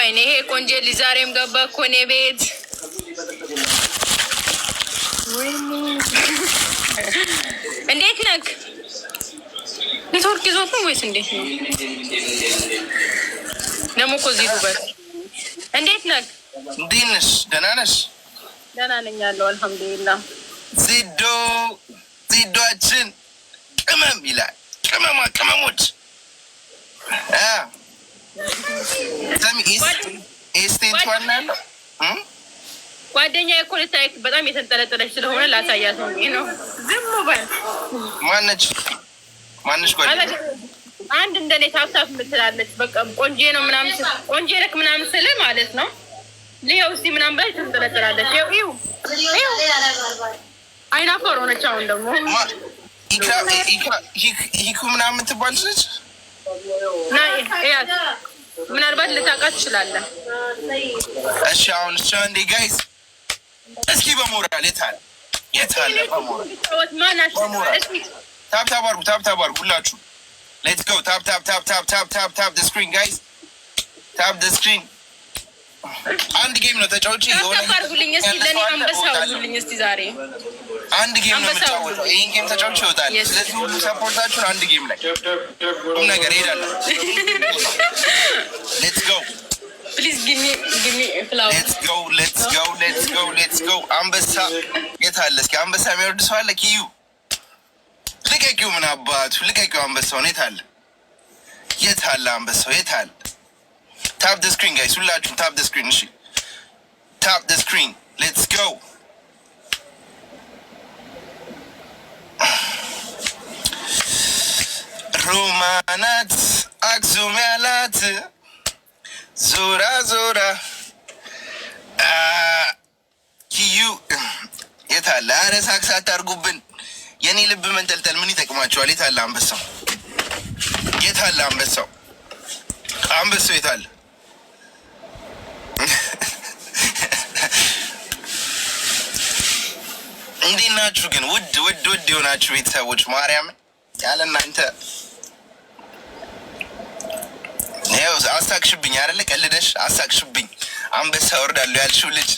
ወይኔ ይሄ ቆንጆ ልጅ ዛሬም ገባ እኮ እኔ ቤት። እንዴት ነክ ኔትወርክ ይዞት ነው ወይስ እንዴት ነው? ደግሞ እኮ እዚህ ጉበት። እንዴት ነክ? እንዴት ነሽ? ደህና ነሽ? ደህና ነኝ ያለው አልሐምዱሊላህ። ዚዶ ዚዶችን ቅመም ይላል። ቅመማ ቅመሞች ጓደኛ እኮ ልታይክ በጣም የተንጠለጠለች ስለሆነ ላሳያት ነው። ዝም በል። ማነች ማነች? ጓደኛ አንድ እንደኔ ታብታብ ምትላለች። በቃ ቆንጆ ነው ምናምን ቆንጆ ነክ ምናምን ስል ማለት ነው። ሊያው እስቲ ምናምን በላይ አይናፈር ሆነች። አሁን ደግሞ ምናምን ነች ምናልባት ልታውቃት ትችላለህ። እሺ አሁን እሺ፣ እንዴ ጋይስ፣ እስኪ በሞራል የታለ የታለ በሞራል ታፕ አድርጉ፣ ታፕ አድርጉ ሁላችሁ። ሌትስ ጎ ታፕ ታፕ ታፕ ታፕ ዘ ስክሪን ጋይስ ታፕ ዘ ስክሪን አንድ ጌም ነው ተጫውቼ የሆነ አድርጉልኝ። እስኪ ለእኔ አንበሳ አውጡልኝ እስኪ ዛሬ አንድ ጌም ነው የምጫወተው። ይህን ጌም ተጫውቼ ይወጣል። ስለዚህ ሁሉ ሰፖርታችሁን አንድ ጌም ላይ ሁሉም ነገር እሄዳለሁ። ሌትስ ጎ ፕሊዝ ጊሚ ጊሚ ፍላወር ሌትስ ጎ ሌትስ ጎ ሌትስ ጎ ሌትስ ጎ። አንበሳ የት አለ? እስኪ አንበሳ የሚወርድ ሰው አለ? ኪዩ ልቀቂው፣ ምን አባቱ ልቀቂው። አንበሳውን የት አለ? የት አለ አንበሳው? የት አለ ታፕ ደ ስክሪን ጋይስ፣ ሁላችሁም ታፕ ስክሪን። እሺ ታፕ ስክሪን ሌትስ ጎ። ሮማናት አክሱም ያላት ዞራ ዞራ ኪዩ የታለ? አረ ሳክስ አታርጉብን። የኔ ልብ መንጠልጠል ምን ይጠቅማቸዋል? የታለ አንበሳው? የታለ አንበሳው? አንበሳው የታለ? ናችሁ ግን ውድ ውድ ውድ የሆናችሁ ቤተሰቦች ማርያም ያለ እናንተ ይኸው አሳቅሽብኝ አይደለ? ቀልደሽ አሳቅሽብኝ። አንበሳ ወርዳለሁ ያልሽው ልጅ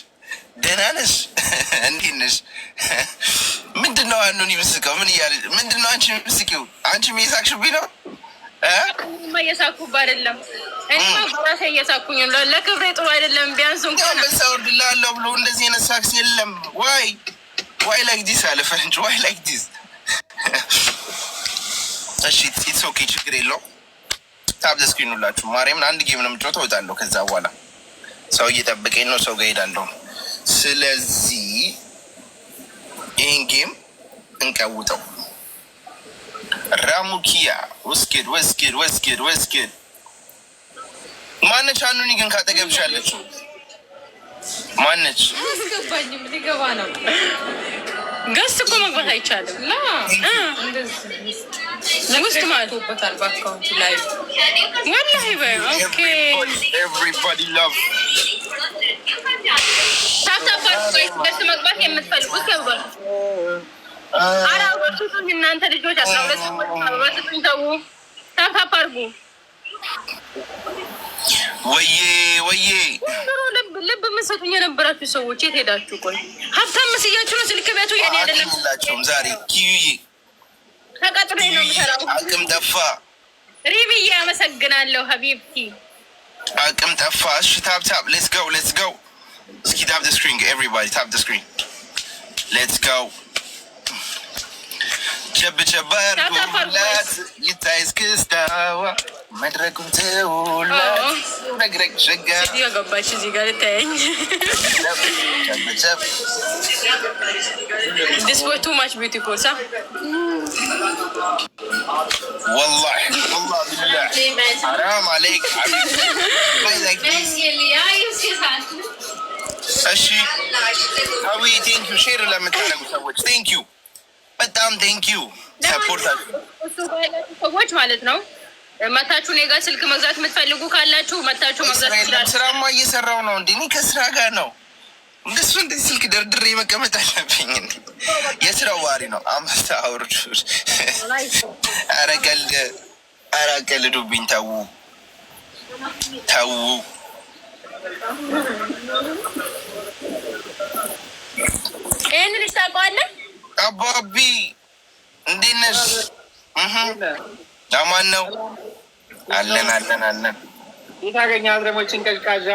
ደህና ነሽ? እንዴት ነሽ? ምንድን ነው አንዱን ይምስቀው? ምን እያለ ምንድን ነው አንቺ ምስቂው? አንቺም እየሳቅሽብኝ ነው። እየሳኩብህ አይደለም፣ እኔ በራሴ እየሳኩኝ ለክብሬ ጥሩ አይደለም። ቢያንስ እንኳን አንበሳ ወርድላለሁ ብሎ እንደዚህ የነሳክስ የለም ወይ ዋይ ላይክ ዲስ አለ ፈረንጅ። ዋይ ላይክ ዲስ። እሺ ኢትስ ኦኬ፣ ችግር የለው። ታብ ዘስክሪን ሁላችሁ ማርያምን፣ አንድ ጌም ነው የምጫወተው፣ እወጣለሁ። ከዛ በኋላ ሰው እየጠበቀኝ ነው፣ ሰው ጋር ሄዳለሁ። ስለዚህ ይህን ጌም እንቀውጠው። ራሙኪያ ወስጌድ ወስጌድ ወስጌድ ወስጌድ ማነች? አኑኒ ግን ካጠገብሻለች ማነች? አስገባኝም ሊገባ ነው ገስ እኮ መግባት አይቻልም። ውስጥ ማለት ወላሂ በይ ኦኬ መግባት የምትፈልጉት እናንተ ልጆች አስራ ሁለት ሰዎች ወዬ ወዬ ልብ የምንሰጡኝ የነበራችሁ ሰዎች የት ሄዳችሁ? ቆይ ሀብታም መስያችሁ ነው። ስልክ ቤቱ የኔ አይደለም። ዛሬ ኪዩዬ ተቀጥሬ ነው የምሰራው። አቅም ጠፋ። ሪብዬ አመሰግናለሁ። ሀቢብቲ አቅም ጠፋ። እሺ ታፕ ታፕ ሌትስ ጎ ሌትስ ጎ። እስኪ ታፕ ስክሪን ኤቭሪባዲ ታፕ ስክሪን ሌትስ ጎ ቸብ ቸብ አድርጉላት ይታይ እስክስታዋ መድረኩን ትውላት ገባች እሺ አዊ ቴንክ ዩ ሼር ለምታደርጉ ሰዎች ቴንክ ዩ በጣም ቴንክ ዩ ሰፖርት ሰዎች ማለት ነው። መታችሁ እኔ ጋር ስልክ መግዛት የምትፈልጉ ካላችሁ መታችሁ መግዛት ይችላል። ስራማ እየሰራው ነው እንዴ? ከስራ ጋር ነው። እንደሱ እንደ ስልክ ደርድሬ መቀመጥ አለብኝ የስራው ባህሪ ነው። አምስት አውርድ። ኧረ ቀልድ፣ ኧረ ቀልዱብኝ። ተው ይህን ልጅ ታውቀዋለህ? አባቢ እንዴት ነሽ? አማን ነው አለን አለን አለን። የታገኛ አዝረሞችን ቀዝቃዣ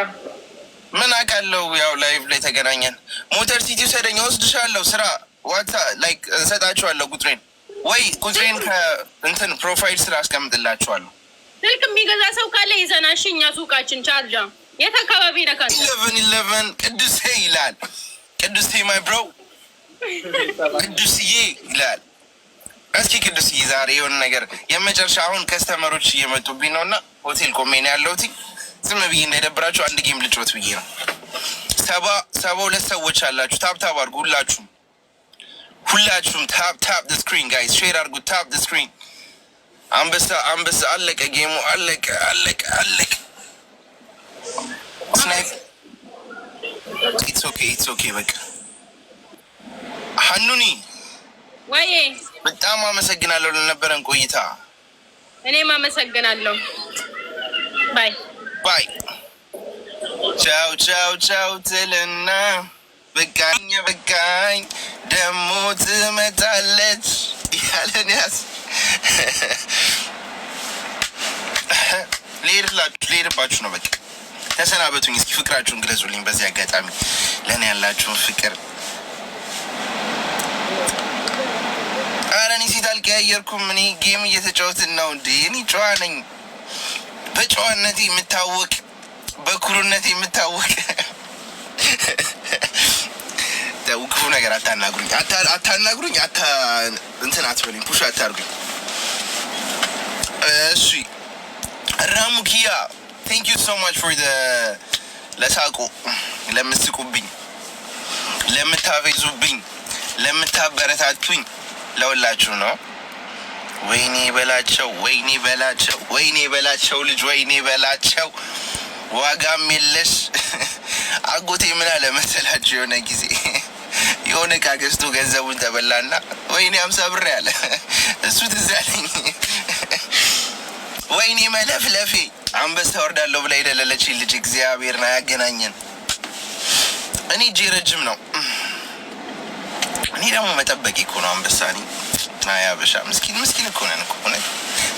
ምን አውቃለሁ። ያው ላይቭ ላይ ተገናኘን። ሞተር ሲቲ ውሰደኝ፣ ወስድሻለሁ። ስራ ዋ ላይክ እንሰጣችኋለሁ። ቁጥሬን ወይ ቁጥሬን ከእንትን ፕሮፋይል ስራ አስቀምጥላችኋለሁ። ስልክ የሚገዛ ሰው ካለ ይዘናሽ እኛ ሱቃችን ቻርጃ የት አካባቢ ነካል? ኢለቨን ኢለቨን ቅዱሴ ይላል። ቅዱሴ ማይ ብሮ ቅዱስዬ ይላል እስኪ ቅዱስ ዛሬ የሆነ ነገር የመጨረሻ አሁን ከስተመሮች እየመጡብኝ ነው እና ሆቴል ቆሜ ነው ያለሁት። ዝም ብዬ እንዳይደብራችሁ አንድ ጌም ልጮት ብዬ ነው። ሰባ ሰባ ሁለት ሰዎች አላችሁ። ታብታብ አድርጉ ሁላችሁም፣ ሁላችሁም ታብ ታብ ስክሪን ጋይስ ሼር አድርጉ። ታብ ስክሪን አንበሳ አንበሳ። አለቀ ጌሙ፣ አለቀ አለቀ አለቀ። ኢትስ ኦኬ ኢትስ ኦኬ በቃ ሀኑኒ ወይ በጣም አመሰግናለሁ ለነበረን ቆይታ። እኔም አመሰግናለሁ። ባይ ባይ። ቻው ቻው ቻው ትልና በቃኝ በቃኝ ደግሞ ትመጣለች ያለን ያስ ሌርላችሁ ሌርባችሁ ነው። በቃ ተሰናበቱኝ። እስኪ ፍቅራችሁን ግለጹልኝ። በዚህ አጋጣሚ ለእኔ ያላችሁን ፍቅር ኧረ እኔ ሴት አልቀያየርኩም። እኔ ጌም እየተጫወትን ነው እንዴ? እኔ ጨዋ ነኝ። በጨዋነቴ የምታወቅ በኩሩነት የምታወቅ ክፉ ነገር አታናግሩኝ፣ አታናግሩኝ፣ እንትን አትበሉኝ፣ ፑሽ አታርጉኝ። እሺ ራሙኪያ ቴንክ ዩ ሶ ማች ፎር ዘ ለሳቁ፣ ለምትስቁብኝ፣ ለምታበዙብኝ፣ ለምታበረታቱኝ ለሁላችሁ ነው። ወይኔ በላቸው፣ ወይኔ በላቸው፣ ወይኔ በላቸው ልጅ፣ ወይኔ በላቸው ዋጋም የለሽ። አጎቴ ምን አለ መሰላችሁ? የሆነ ጊዜ የሆነ እቃ ገዝቶ ገንዘቡን ተበላና ወይኔ አምሳ ብር ያለ እሱ ትዛለኝ። ወይኔ መለፍለፌ አንበሳ ወርዳለሁ ብላ የደለለች ልጅ እግዚአብሔርን አያገናኘን። እኔ እጄ ረጅም ነው። እኔ ደግሞ መጠበቂ እኮ ነው አንበሳ። እኔ አያበሻ ምስኪን ምስኪን እኮ ነን እኮ እውነት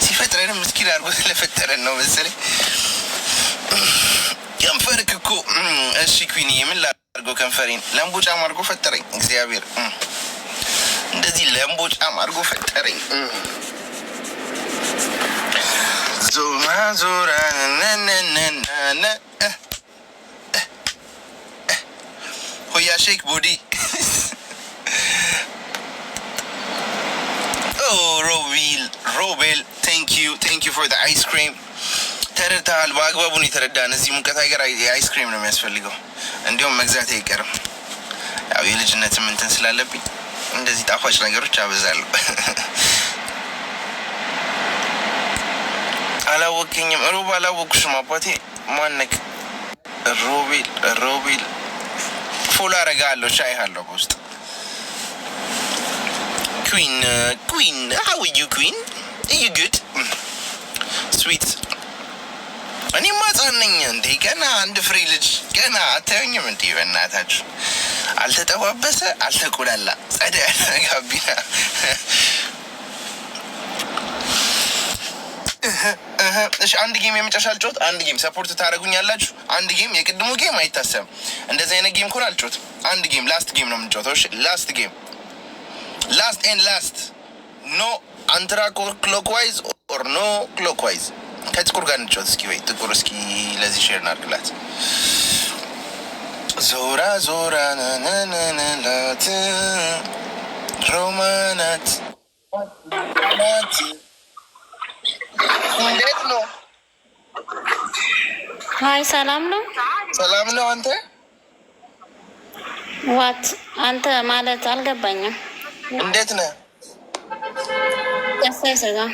ሲፈጥረንም ምስኪን አድርጎ ስለፈጠረን ነው መሰለኝ። ከንፈርክ እኮ እሺ ኩኒ የምን ላድርገው ከንፈሬን ለምቦ ለምቦጫም አድርጎ ፈጠረኝ እግዚአብሔር። እንደዚህ ለምቦ ለምቦጫም አድርጎ ፈጠረኝ። ዞማ ዞራ ሆያ ሼክ ቦዲ ሮቤል ሮቤል ቴንክ ዩ ቴንክ ዩ አይስ ክሪም ተረድተሃል። በአግባቡን የተረዳን እዚህ ሙቀት ሀገር የአይስ ክሪም ነው የሚያስፈልገው። እንዲሁም መግዛት አይቀርም። ያው የልጅነት ምንትን ስላለብኝ እንደዚህ ጣፋጭ ነገሮች አበዛለሁ። አላወቅኝም። ሮብ አላወቅሽም። አባቴ ማነክ ሮቤል ሮቤል ፎሎ አረጋ ሻይ አለሁ በውስጥ Queen, uh, Queen, how are you, Queen? Are you good? Mm. Sweet. እኔማ ሕፃን ነኝ እንዴ? ገና አንድ ፍሬ ልጅ ገና አታዩኝም እንዴ? በእናታችሁ አልተጠባበሰ አልተቆላላ ጸዳ ያለ ጋቢና እሺ አንድ ጌም የመጨረሻ አልጮት። አንድ ጌም ሰፖርት ታደረጉኝ ያላችሁ አንድ ጌም፣ የቅድሙ ጌም አይታሰብም። እንደዚህ አይነት ጌም ኮን አልጮት። አንድ ጌም ላስት ጌም ነው የምንጮተው። እሺ ላስት ጌም ላስት ኤንድ ላስት ኖ አንትራ ክሎክዋይዝ ኦር ኖ ክሎክዋይዝ። ከጥቁር ጋር እንጫወት እስኪ ወይ ጥቁር እስኪ ለዚህ ሼር እናድርግላት። ዞራ ዞራ ናናናናላት ሮማናት እንዴት ነው? ሀይ ሰላም ነው፣ ሰላም ነው። አንተ ዋት አንተ ማለት አልገባኝም። እንዴት ነ ደስታ ይሰጣል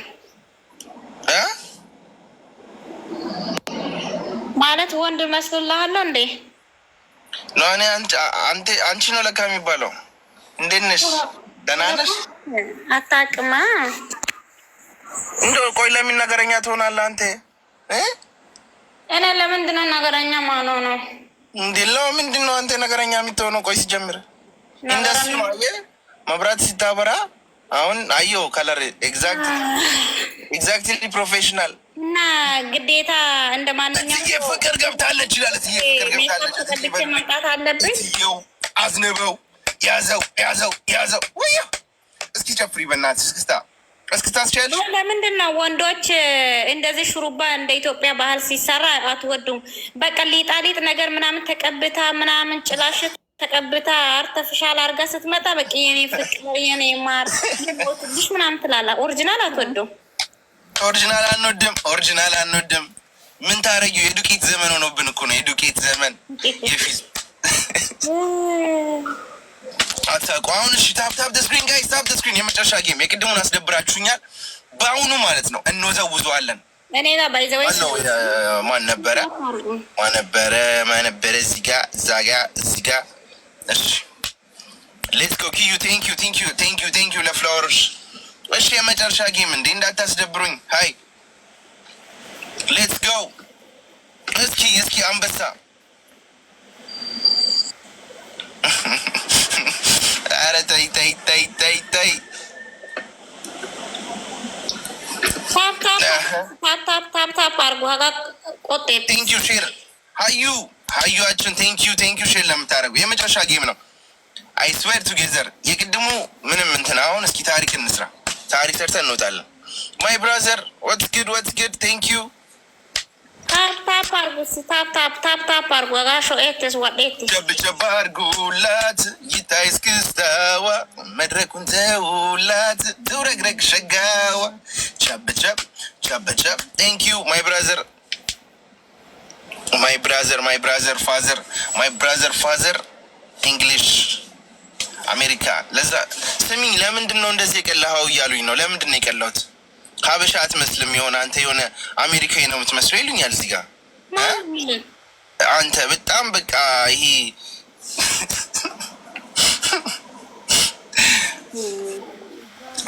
ማለት ወንድ መስሎልሃለሁ እንዴ? ለእኔ አንቺ ነው ለካ የሚባለው። እንዴት ነሽ? ደህና ነሽ? አታውቅማ። እንደው ቆይ ለምን ነገረኛ ትሆናለህ አንተ? እኔ ለምንድን ነው ነገረኛ ማኖ ነው እንዲ ለው ምንድን ነው አንተ ነገረኛ የምትሆነው? ቆይ ሲጀምር እንደሱ ነው መብራት ሲታበራ አሁን አየሁ ከለር ኤግዛክትሊ ፕሮፌሽናል እና ግዴታ እንደ ማንኛውም ፍቅር ገብታለች ይላል። ገብታለች መምጣት አለብኝ። አዝንበው ያዘው ያዘው ያዘው። ወያ እስኪ ጨፍሪ በእናትሽ እስክስታ እስክስታ ስቻሉ። ለምንድን ነው ወንዶች እንደዚህ ሹሩባ እንደ ኢትዮጵያ ባህል ሲሰራ አትወዱም? በቃ ሊጣሊጥ ነገር ምናምን ተቀብታ ምናምን ጭላሽት ተቀብታ አርተፍሻል አርጋ ስትመጣ በቂ የኔ ፍቅር የኔ ማር ልሽ ምናምን ትላላ። ኦሪጂናል አትወደው። ኦሪጂናል አንወድም፣ ኦሪጂናል አንወድም። ምን ታረጊ? የዱቄት ዘመን ሆኖብን እኮ ነው። የዱቄት ዘመን የፊዝ አታውቁ። አሁን እሺ፣ ታፕ ታፕ ደስክሪን ጋይስ፣ ታፕ ደስክሪን የመጨረሻ ጌም። የቅድሙን አስደብራችሁኛል። በአሁኑ ማለት ነው እንወዘውዘዋለን። ማን ነበረ ማን ነበረ ማን ነበረ? እዚህ ጋ እዛ ጋ እዚህ ጋ ماشي ليتس جو كيو ثانك يو ثانك يو ثانك يو ثانك يو ለፍላወርስ እሺ የመጨረሻ ጌም እንዴ እንዳታስደብሩኝ ሃይ ሌትስ ጎ እስኪ እስኪ አንበሳ ኧረ ተይ ተይ ተይ ተይ ተይ ታፕ ታፕ ታፕ ታፕ አድርጎ ቆጤ ቴንክ ዩ ሼር ሀዩ ሀዩችን ቴንኪዩ ቴንኪዩ ሼር ለምታደርጉ የመጨረሻ ጌም ነው። አይስዌር ቱጌዘር የቅድሙ ምንም እንትን አሁን እስኪ ታሪክ እንስራ። ታሪክ ሰርተን እንወጣለን። ማይ ብራዘር ወትስ ግድ ወትስ ግድ ቴንኪዩ ታፕታፕ ጨብጨባ አርጉላት ይታይ እስክስታዋ መድረኩን ተውላት ትውረግረግ ሸጋዋ ጨብጨብ ጨብጨብ ቴንኪዩ ማይ ብራዘር ማይ ብራዘር ማይ ብራዘር ፋዘር ማይ ብራዘር ፋዘር ኢንግሊሽ አሜሪካ። ለዛ ስሚኝ፣ ለምንድን ነው እንደዚህ የቀላኸው እያሉኝ ነው። ለምንድን ነው የቀላሁት? ሀበሻ አትመስልም፣ የሆነ አንተ የሆነ አሜሪካዊ ነው የምትመስለው ይሉኛል። እዚህ ጋር አንተ በጣም በቃ ይሄ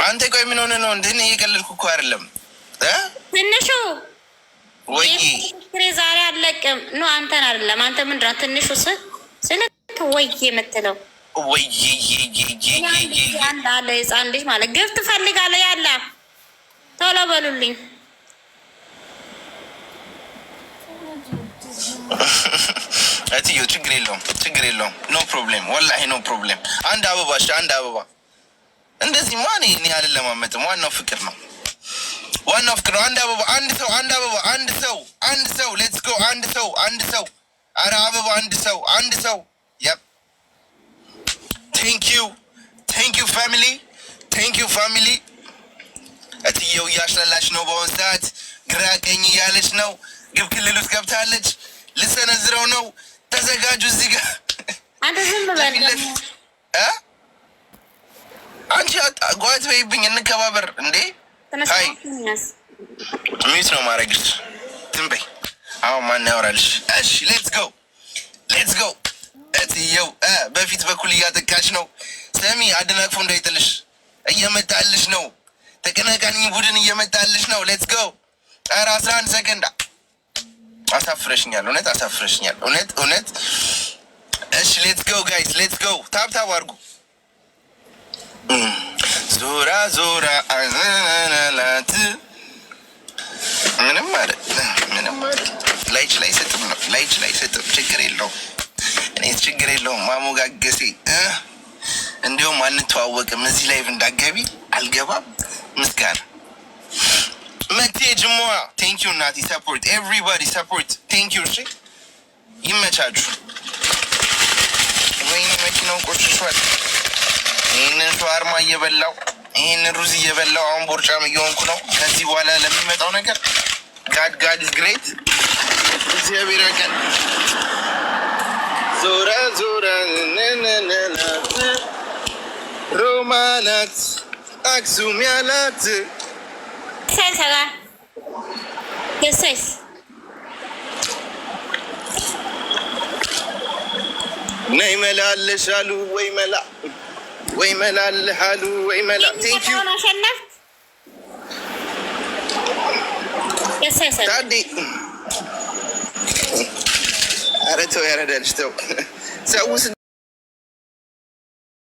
አንተ ቆይ ምን ሆነ ነው እንደ እኔ እየቀለድኩ እኮ አይደለም ትንሹ ወይ ዛሬ አለቅም ኖ አንተን አይደለም። አንተ ምንድን ነው ትንሹ ስ ስልክ ወይ የምትለው ወይ አለ ህፃን ልጅ ማለት ግፍ ትፈልጋለ ያለ ቶሎ በሉልኝ። እትዮ ችግር የለውም ችግር የለውም። ኖ ፕሮብሌም ወላሂ ኖ ፕሮብሌም። አንድ አበባ አንድ አበባ እንደዚህ ማን ይህን ያህል ለማመጥም ዋናው ፍቅር ነው። ዋናው ፍቅር ነው። አንድ አበባ፣ አንድ ሰው፣ አንድ አበባ፣ አንድ ሰው፣ አንድ ሰው። ሌትስ ጎ። አንድ ሰው፣ አንድ ሰው። አረ አበባ፣ አንድ ሰው፣ አንድ ሰው። ያፕ ቴንክ ዩ ቴንክ ዩ ፋሚሊ፣ ቴንክ ዩ ፋሚሊ። እትየው እያሽላላች ነው በአሁን ሰዓት፣ ግራ ቀኝ እያለች ነው። ግብ ክልል ውስጥ ገብታለች። ልሰነዝረው ነው። ተዘጋጁ። እዚህ ጋር አንተ ዝም ብለህ አንቺ ጓት በይብኝ እንከባበር እንዴ ሚት ነው ማድረግሽ። ትንበይ አሁን ማን ያወራልሽ? እሺ ሌትስ ጎ ሌትስ ጎ። እትየው በፊት በኩል እያጠቃች ነው። ሰሚ አደናቅፎ እንዳይጥልሽ እየመጣልሽ ነው። ተቀናቃኝ ቡድን እየመጣልሽ ነው። ሌትስ ጎ። ኧረ አስራ አንድ ሰከንድ። አሳፍረሽኛል፣ እውነት አሳፍረሽኛል፣ እውነት እውነት። እሺ ሌትስ ጎ ጋይስ፣ ሌትስ ጎ። ታብታብ አድርጉ ዞራ ዞራ አዘናላት ምንም ምንም ነው ችግር የለውም እኔ ችግር የለውም። ማሞጋገሴ እንዲሁም አንተዋወቅም። እዚህ ላይ እንዳገቢ አልገባም። ምስጋና መቴ ጅማ ቴንክ ዩ እናቴ ሰፖርት ኤቭሪባዲ ሰፖርት ቴንክ ዩ። እሺ ይመቻችሁ። ወይኔ መኪናው ቆሽሿል። ይህንን ሸዋርማ እየበላው ይህንን ሩዝ እየበላው አሁን ቦርጫም እየሆንኩ ነው። ከዚህ በኋላ ለሚመጣው ነገር ጋድ ጋድ ግሬት እግዚአብሔር ያውቃል። ዞረ ዞረ ሮማ ናት አክሱም ያላት ነይ መላ አለሽ አሉ ወይ መላ ወይ መላልህ አሉ ወይ መላ አሸነፍት ኧረ ተው ያረዳልሽ ተው ሰው